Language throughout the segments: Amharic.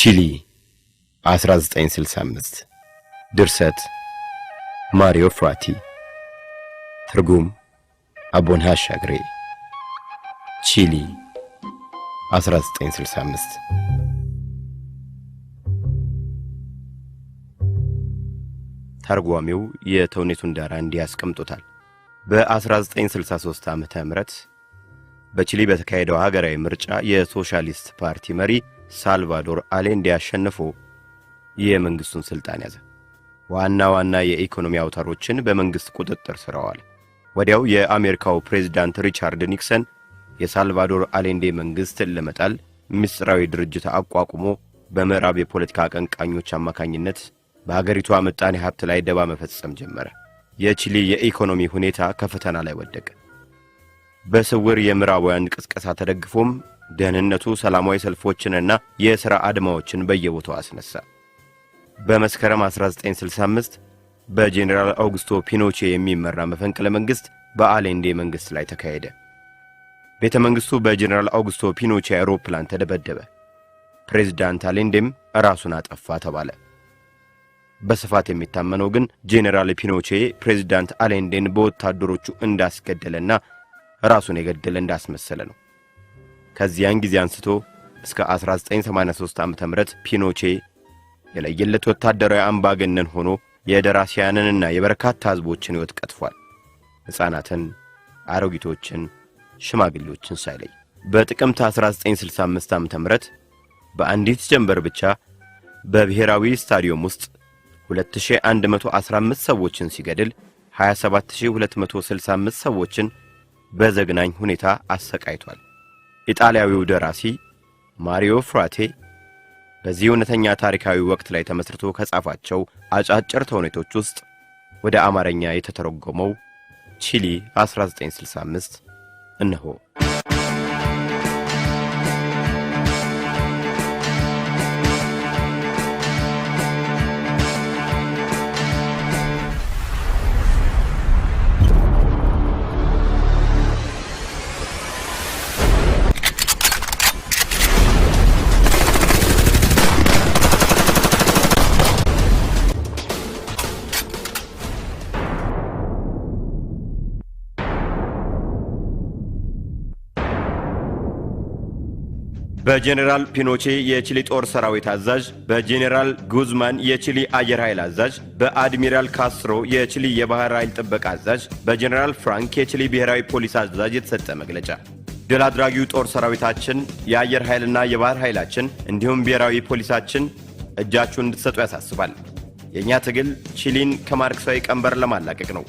ቺሊ 1965 ድርሰት ማሪዮ ፍራቲ ትርጉም አቦነህ አሻግሬ ቺሊ 1965 ተርጓሚው የተውኔቱን ዳራ እንዲህ ያስቀምጡታል። በ1963 ዓ. ም በቺሊ በተካሄደው ሀገራዊ ምርጫ የሶሻሊስት ፓርቲ መሪ ሳልቫዶር አሌንዴ አሸንፎ የመንግሥቱን ሥልጣን ያዘ። ዋና ዋና የኢኮኖሚ አውታሮችን በመንግሥት ቁጥጥር ስር አዋለ። ወዲያው የአሜሪካው ፕሬዚዳንት ሪቻርድ ኒክሰን የሳልቫዶር አሌንዴ መንግሥት ለመጣል ምስጢራዊ ድርጅት አቋቁሞ በምዕራብ የፖለቲካ አቀንቃኞች አማካኝነት በአገሪቷ ምጣኔ ሀብት ላይ ደባ መፈጸም ጀመረ። የቺሊ የኢኮኖሚ ሁኔታ ከፈተና ላይ ወደቀ። በስውር የምዕራባውያን ቅስቀሳ ተደግፎም ደህንነቱ ሰላማዊ ሰልፎችንና የሥራ አድማዎችን በየቦታው አስነሳ። በመስከረም 1965 በጄኔራል አውግስቶ ፒኖቼ የሚመራ መፈንቅለ መንግሥት በአሌንዴ መንግሥት ላይ ተካሄደ። ቤተ መንግሥቱ በጄኔራል አውግስቶ ፒኖቼ አውሮፕላን ተደበደበ። ፕሬዝዳንት አሌንዴም ራሱን አጠፋ ተባለ። በስፋት የሚታመነው ግን ጄኔራል ፒኖቼ ፕሬዚዳንት አሌንዴን በወታደሮቹ እንዳስገደለና ራሱን የገደለ እንዳስመሰለ ነው። ከዚያን ጊዜ አንስቶ እስከ 1983 ዓ ም ፒኖቼ የለየለት ወታደራዊ አምባገነን ሆኖ የደራሲያንንና የበርካታ ሕዝቦችን ሕይወት ቀጥፏል። ሕፃናትን፣ አሮጊቶችን፣ ሽማግሌዎችን ሳይለይ በጥቅምት 1965 ዓ ም በአንዲት ጀንበር ብቻ በብሔራዊ ስታዲዮም ውስጥ 2115 ሰዎችን ሲገድል 27265 ሰዎችን በዘግናኝ ሁኔታ አሰቃይቷል። ኢጣሊያዊው ደራሲ ማሪዮ ፍራቴ በዚህ እውነተኛ ታሪካዊ ወቅት ላይ ተመስርቶ ከጻፋቸው አጫጭር ተውኔቶች ውስጥ ወደ አማርኛ የተተረጎመው ቺሊ 1965 እነሆ። በጄኔራል ፒኖቼ የቺሊ ጦር ሰራዊት አዛዥ፣ በጄኔራል ጉዝማን የቺሊ አየር ኃይል አዛዥ፣ በአድሚራል ካስትሮ የቺሊ የባህር ኃይል ጥበቃ አዛዥ፣ በጄኔራል ፍራንክ የቺሊ ብሔራዊ ፖሊስ አዛዥ የተሰጠ መግለጫ ድል አድራጊው ጦር ሰራዊታችን፣ የአየር ኃይልና የባህር ኃይላችን እንዲሁም ብሔራዊ ፖሊሳችን እጃችሁን እንድትሰጡ ያሳስባል። የእኛ ትግል ቺሊን ከማርክሳዊ ቀንበር ለማላቀቅ ነው።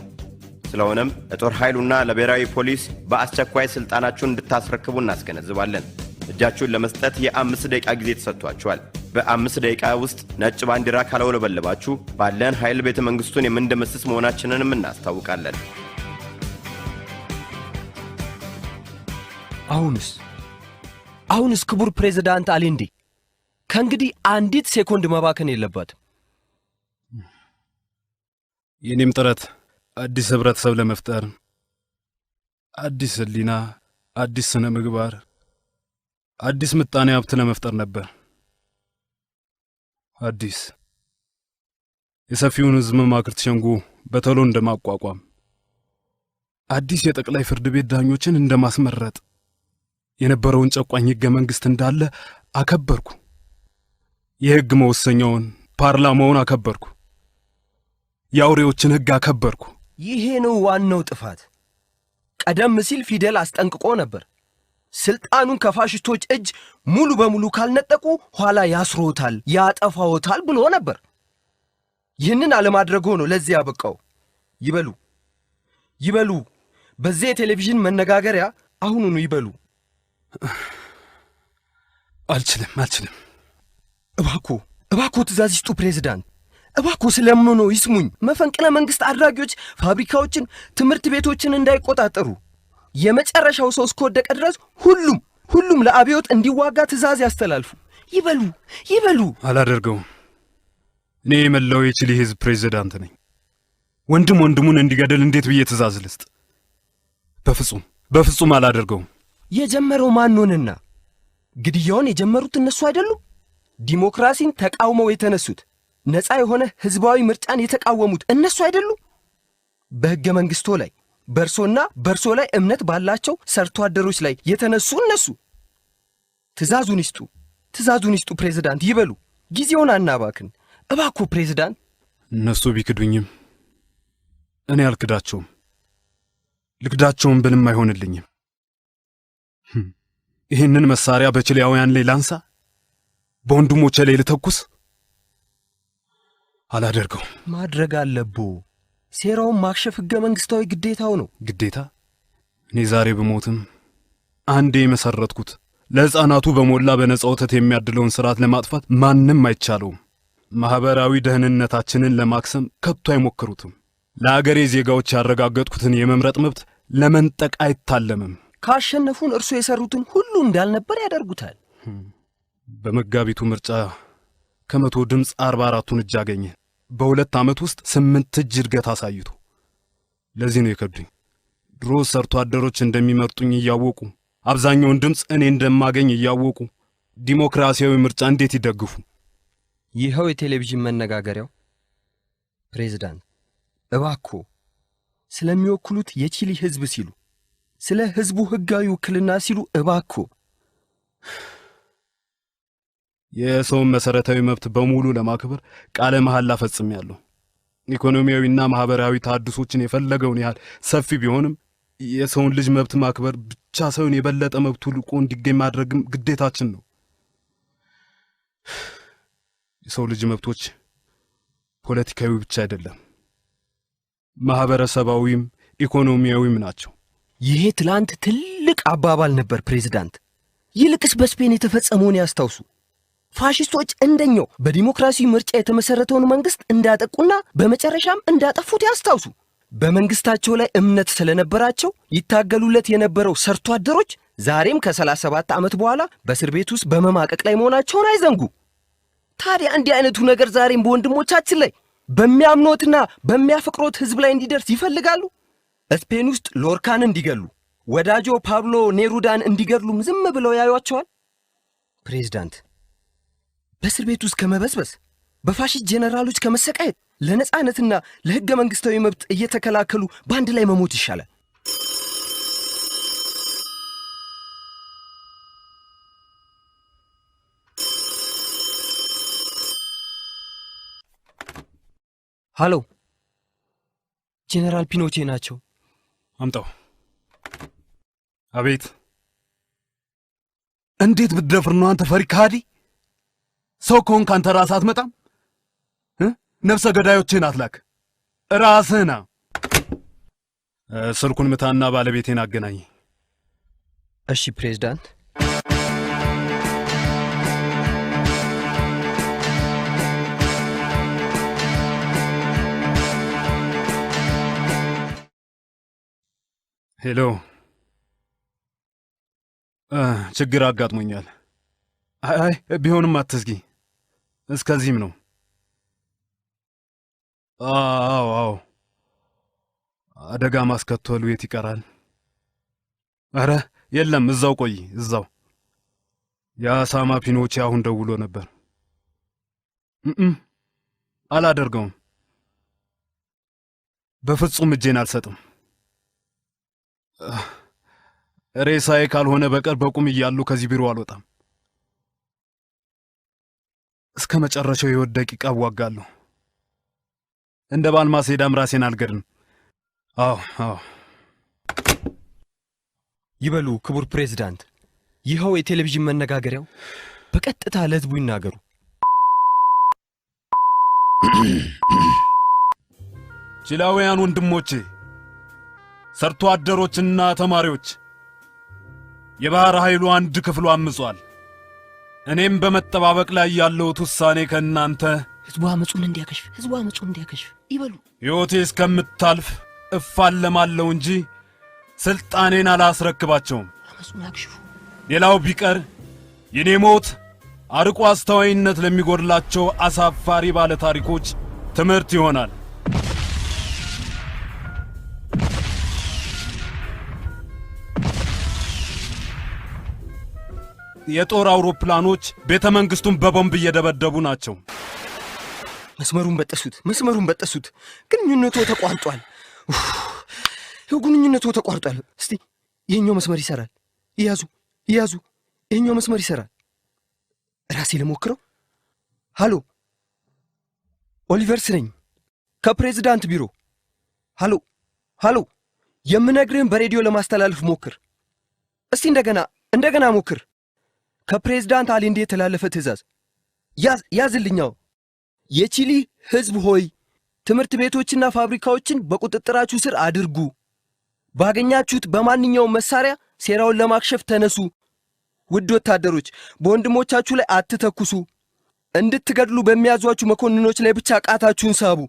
ስለሆነም ለጦር ኃይሉና ለብሔራዊ ፖሊስ በአስቸኳይ ሥልጣናችሁን እንድታስረክቡ እናስገነዝባለን። እጃችሁን ለመስጠት የአምስት ደቂቃ ጊዜ ተሰጥቷችኋል። በአምስት ደቂቃ ውስጥ ነጭ ባንዲራ ካላውለበለባችሁ ባለን ኃይል ቤተ መንግሥቱን የምንደመስስ መሆናችንንም እናስታውቃለን። አሁንስ አሁንስ ክቡር ፕሬዚዳንት አሊንዲ ከእንግዲህ አንዲት ሴኮንድ መባከን የለበትም። የእኔም ጥረት አዲስ ህብረተሰብ ለመፍጠር አዲስ ህሊና፣ አዲስ ስነ ምግባር አዲስ ምጣኔ ሀብት ለመፍጠር ነበር። አዲስ የሰፊውን ሕዝብ መማክርት ሸንጎ በቶሎ እንደማቋቋም፣ አዲስ የጠቅላይ ፍርድ ቤት ዳኞችን እንደማስመረጥ፣ የነበረውን ጨቋኝ ህገ መንግስት እንዳለ አከበርኩ። የህግ መወሰኛውን ፓርላማውን አከበርኩ። የአውሬዎችን ህግ አከበርኩ። ይሄ ነው ዋናው ጥፋት። ቀደም ሲል ፊደል አስጠንቅቆ ነበር። ስልጣኑን ከፋሽስቶች እጅ ሙሉ በሙሉ ካልነጠቁ ኋላ ያስሮታል፣ ያጠፋዎታል ብሎ ነበር። ይህንን አለማድረጎ ነው ለዚህ ያበቃው። ይበሉ ይበሉ፣ በዚህ የቴሌቪዥን መነጋገሪያ አሁኑኑ ይበሉ። አልችልም አልችልም። እባኮ እባኮ፣ ትእዛዝ ይስጡ ፕሬዚዳንት፣ እባኮ ስለምኖ ይስሙኝ። መፈንቅለ መንግሥት አድራጊዎች ፋብሪካዎችን፣ ትምህርት ቤቶችን እንዳይቆጣጠሩ የመጨረሻው ሰው እስከወደቀ ድረስ ሁሉም ሁሉም ለአብዮት እንዲዋጋ ትእዛዝ ያስተላልፉ። ይበሉ ይበሉ። አላደርገውም። እኔ የመላው የቺሊ ህዝብ ፕሬዚዳንት ነኝ። ወንድም ወንድሙን እንዲገደል እንዴት ብዬ ትእዛዝ ልስጥ? በፍጹም በፍጹም አላደርገውም። የጀመረው ማንንና ግድያውን የጀመሩት እነሱ አይደሉም። ዲሞክራሲን ተቃውመው የተነሱት ነፃ የሆነ ሕዝባዊ ምርጫን የተቃወሙት እነሱ አይደሉም። በሕገ መንግሥቶ ላይ በእርሶና በእርሶ ላይ እምነት ባላቸው ሰርቶ አደሮች ላይ የተነሱ እነሱ ትእዛዙን ይስጡ፣ ትእዛዙን ይስጡ ፕሬዚዳንት ይበሉ። ጊዜውን አናባክን እባኮ ፕሬዚዳንት። እነሱ ቢክዱኝም እኔ አልክዳቸውም። ልክዳቸውም ብልም አይሆንልኝም። hm፣ ይህንን መሳሪያ በችሊያውያን ላይ ላንሳ፣ በወንድሞቼ ላይ ልተኩስ፣ አላደርገውም። ማድረግ አለብዎ። ሴራውን ማክሸፍ ህገ መንግስታዊ ግዴታው ነው። ግዴታ እኔ ዛሬ ብሞትም አንዴ የመሰረትኩት ለሕፃናቱ በሞላ በነጻ ወተት የሚያድለውን ስርዓት ለማጥፋት ማንም አይቻለውም። ማኅበራዊ ደህንነታችንን ለማክሰም ከቶ አይሞክሩትም። ለአገሬ ዜጋዎች ያረጋገጥኩትን የመምረጥ መብት ለመንጠቅ አይታለምም። ካሸነፉን እርሱ የሰሩትን ሁሉ እንዳልነበር ያደርጉታል። በመጋቢቱ ምርጫ ከመቶ ድምፅ አርባ አራቱን እጅ አገኘ። በሁለት ዓመት ውስጥ ስምንት እጅ እድገት አሳይቶ ለዚህ ነው የከዱኝ። ድሮ ሰርቶ አደሮች እንደሚመርጡኝ እያወቁ አብዛኛውን ድምፅ እኔ እንደማገኝ እያወቁ ዲሞክራሲያዊ ምርጫ እንዴት ይደግፉ? ይኸው የቴሌቪዥን መነጋገሪያው ፕሬዝዳንት እባኮ ስለሚወክሉት የቺሊ ሕዝብ ሲሉ ስለ ሕዝቡ ሕጋዊ ውክልና ሲሉ እባኮ የሰውን መሰረታዊ መብት በሙሉ ለማክበር ቃለ መሐላ ፈጽሜያለሁ። ኢኮኖሚያዊና ማህበራዊ ታድሶችን የፈለገውን ያህል ሰፊ ቢሆንም የሰውን ልጅ መብት ማክበር ብቻ ሳይሆን የበለጠ መብቱ ልቆ እንዲገኝ ማድረግም ግዴታችን ነው። የሰው ልጅ መብቶች ፖለቲካዊ ብቻ አይደለም፣ ማህበረሰባዊም ኢኮኖሚያዊም ናቸው። ይሄ ትላንት ትልቅ አባባል ነበር ፕሬዚዳንት። ይልቅስ በስፔን የተፈጸመውን ያስታውሱ። ፋሽስቶች እንደኛው በዲሞክራሲ ምርጫ የተመሰረተውን መንግስት እንዳጠቁና በመጨረሻም እንዳጠፉት ያስታውሱ። በመንግስታቸው ላይ እምነት ስለነበራቸው ይታገሉለት የነበረው ሰርቶ አደሮች ዛሬም ከ37 ዓመት በኋላ በእስር ቤት ውስጥ በመማቀቅ ላይ መሆናቸውን አይዘንጉ። ታዲያ እንዲህ አይነቱ ነገር ዛሬም በወንድሞቻችን ላይ በሚያምኖትና በሚያፈቅሮት ህዝብ ላይ እንዲደርስ ይፈልጋሉ። ስፔን ውስጥ ሎርካን እንዲገሉ ወዳጆ ፓብሎ ኔሩዳን እንዲገድሉም ዝም ብለው ያዩቸዋል። ፕሬዚዳንት። በእስር ቤት ውስጥ ከመበዝበዝ፣ በፋሽስት ጄኔራሎች ከመሰቃየት፣ ለነፃነትና ለሕገ መንግሥታዊ መብት እየተከላከሉ በአንድ ላይ መሞት ይሻላል። ሃሎ፣ ጄኔራል ፒኖቼ ናቸው። አምጣው። አቤት። እንዴት ብትደፍር ነው አንተ ፈሪ ከሃዲ! ሰው ከሆን አንተ ራስህ አትመጣም። ነፍሰ ገዳዮችን አትላክ፣ ራስህ ና። ስልኩን ምታና ባለቤቴን አገናኝ። እሺ ፕሬዝዳንት። ሄሎ፣ ችግር አጋጥሞኛል። አይ ቢሆንም አትስጊ እስከዚህም ነው። አዎ አዎ፣ አደጋ ማስከተሉ የት ይቀራል? አረ የለም፣ እዛው ቆይ፣ እዛው የአሳማ ፒኖቼ አሁን ደውሎ ነበር። እም አላደርገውም፣ በፍጹም እጄን አልሰጥም። ሬሳዬ ካልሆነ በቀር በቁም እያሉ ከዚህ ቢሮ አልወጣም። እስከ መጨረሻው የወት ደቂቃ እዋጋለሁ። እንደ ሄዳም ራሴን አልገድም። አዎ አዎ። ይበሉ ክቡር ፕሬዝዳንት፣ ይኸው የቴሌቪዥን መነጋገሪያው። በቀጥታ ለህዝቡ ይናገሩ። ጅላውያን ወንድሞቼ፣ ሰርቶ አደሮችና ተማሪዎች፣ የባሕር ኃይሉ አንድ ክፍሉ አምጿል። እኔም በመጠባበቅ ላይ ያለሁት ውሳኔ ከእናንተ ህዝቡ አመፁን እንዲያከሽፍ ህዝቡ አመፁን እንዲያከሽፍ ይበሉ። ሕይወቴ እስከምታልፍ እፋለማለሁ እንጂ ሥልጣኔን አላስረክባቸውም። አመፁን ያክሽፉ። ሌላው ቢቀር የኔ ሞት አርቆ አስተዋይነት ለሚጎድላቸው አሳፋሪ ባለ ታሪኮች ትምህርት ይሆናል። የጦር አውሮፕላኖች ቤተ መንግስቱን በቦምብ እየደበደቡ ናቸው። መስመሩን በጠሱት፣ መስመሩን በጠሱት። ግንኙነቱ ተቋርጧል። ይኸው ግንኙነቱ ተቋርጧል። እስቲ ይህኛው መስመር ይሰራል። ይያዙ፣ ይያዙ። ይህኛው መስመር ይሰራል። ራሴ ልሞክረው። ሃሎ፣ ኦሊቨርስ ነኝ ከፕሬዚዳንት ቢሮ። ሃሎ፣ ሃሎ። የምነግርህን በሬዲዮ ለማስተላለፍ ሞክር። እስቲ እንደገና እንደገና ሞክር። ከፕሬዝዳንት አሌንዴ የተላለፈ ትእዛዝ ያዝልኛው የቺሊ ህዝብ ሆይ ትምህርት ቤቶችና ፋብሪካዎችን በቁጥጥራችሁ ስር አድርጉ። ባገኛችሁት በማንኛውም መሳሪያ ሴራውን ለማክሸፍ ተነሱ። ውድ ወታደሮች በወንድሞቻችሁ ላይ አትተኩሱ። እንድትገድሉ በሚያዟችሁ መኮንኖች ላይ ብቻ ቃታችሁን ሳቡ።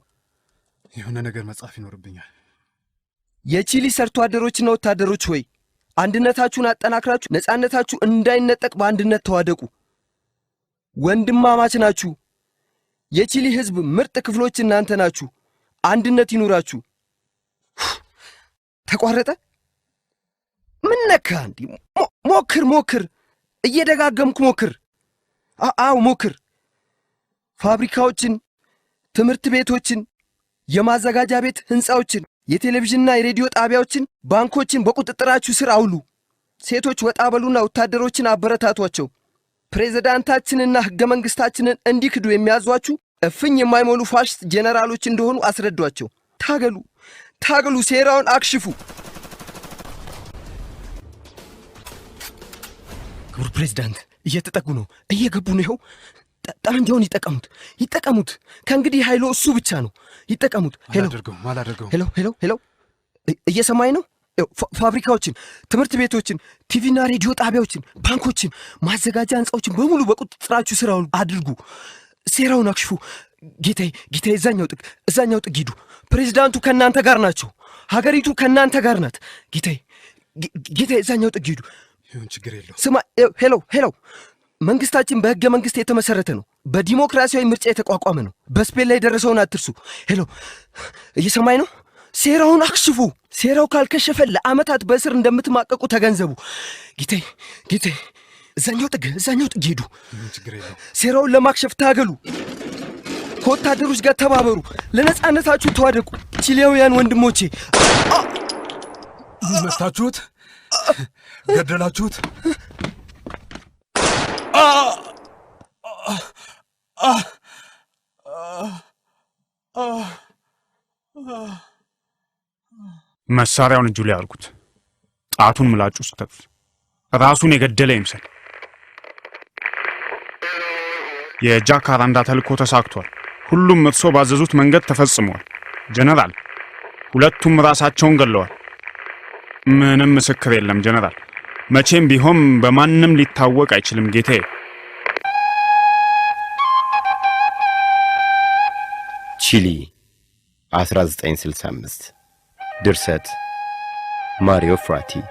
የሆነ ነገር መጻፍ ይኖርብኛል። የቺሊ ሰርቶ አደሮችና ወታደሮች ሆይ አንድነታችሁን አጠናክራችሁ ነፃነታችሁ እንዳይነጠቅ በአንድነት ተዋደቁ። ወንድማማች ናችሁ። የቺሊ ህዝብ ምርጥ ክፍሎች እናንተ ናችሁ። አንድነት ይኑራችሁ። ተቋረጠ። ምን ነካ? እንዲህ ሞክር ሞክር፣ እየደጋገምኩ ሞክር። አዎ ሞክር። ፋብሪካዎችን፣ ትምህርት ቤቶችን፣ የማዘጋጃ ቤት ህንፃዎችን የቴሌቪዥንና የሬዲዮ ጣቢያዎችን፣ ባንኮችን በቁጥጥራችሁ ስር አውሉ። ሴቶች ወጣ በሉና ወታደሮችን አበረታቷቸው። ፕሬዝዳንታችንና ሕገ መንግሥታችንን እንዲክዱ የሚያዟችሁ እፍኝ የማይሞሉ ፋሽስት ጄኔራሎች እንደሆኑ አስረዷቸው። ታገሉ፣ ታገሉ፣ ሴራውን አክሽፉ። ክቡር ፕሬዝዳንት፣ እየተጠጉ ነው፣ እየገቡ ነው። ይኸው ጠረንጃውን እንዲሆን ይጠቀሙት ይጠቀሙት። ከእንግዲህ ኃይሎ እሱ ብቻ ነው። ይጠቀሙት። ሄሎ ሄሎ ሄሎ፣ እየሰማኝ ነው? ፋብሪካዎችን፣ ትምህርት ቤቶችን፣ ቲቪና ሬዲዮ ጣቢያዎችን፣ ባንኮችን፣ ማዘጋጃ ህንፃዎችን በሙሉ በቁጥጥራችሁ ስራውን አድርጉ። ሴራውን አክሽፉ። ጌታዬ ጌታዬ፣ እዛኛው ጥግ እዛኛው ጥግ ሂዱ። ፕሬዚዳንቱ ከእናንተ ጋር ናቸው። ሀገሪቱ ከእናንተ ጋር ናት። ጌታዬ ጌታዬ፣ እዛኛው ጥግ ሂዱ። ይሁን ችግር የለው። ስማ ሄሎ ሄሎ መንግስታችን በህገ መንግስት የተመሰረተ ነው። በዲሞክራሲያዊ ምርጫ የተቋቋመ ነው። በስፔን ላይ የደረሰውን አትርሱ። ሄሎ፣ እየሰማኝ ነው? ሴራውን አክሽፉ። ሴራው ካልከሸፈ ለአመታት በእስር እንደምትማቀቁ ተገንዘቡ። ጌቴ ጌቴ፣ እዛኛው ጥግ፣ እዛኛው ጥግ ሄዱ። ሴራውን ለማክሸፍ ታገሉ። ከወታደሮች ጋር ተባበሩ። ለነፃነታችሁ ተዋደቁ። ቺሊያውያን ወንድሞቼ፣ መታችሁት፣ ገደላችሁት። መሳሪያውን እጁ ላይ አልኩት። ጣቱን ምላጩ ስተፍ ራሱን የገደለ ይምሰል። የጃካራንዳ ተልእኮ ተሳክቷል። ሁሉም እርሶ ባዘዙት መንገድ ተፈጽሟል። ጀነራል፣ ሁለቱም ራሳቸውን ገለዋል። ምንም ምስክር የለም ጀነራል። መቼም ቢሆን በማንም ሊታወቅ አይችልም ጌቴ። ቺሊ 1965 ድርሰት ማሪዮ ፍራቲ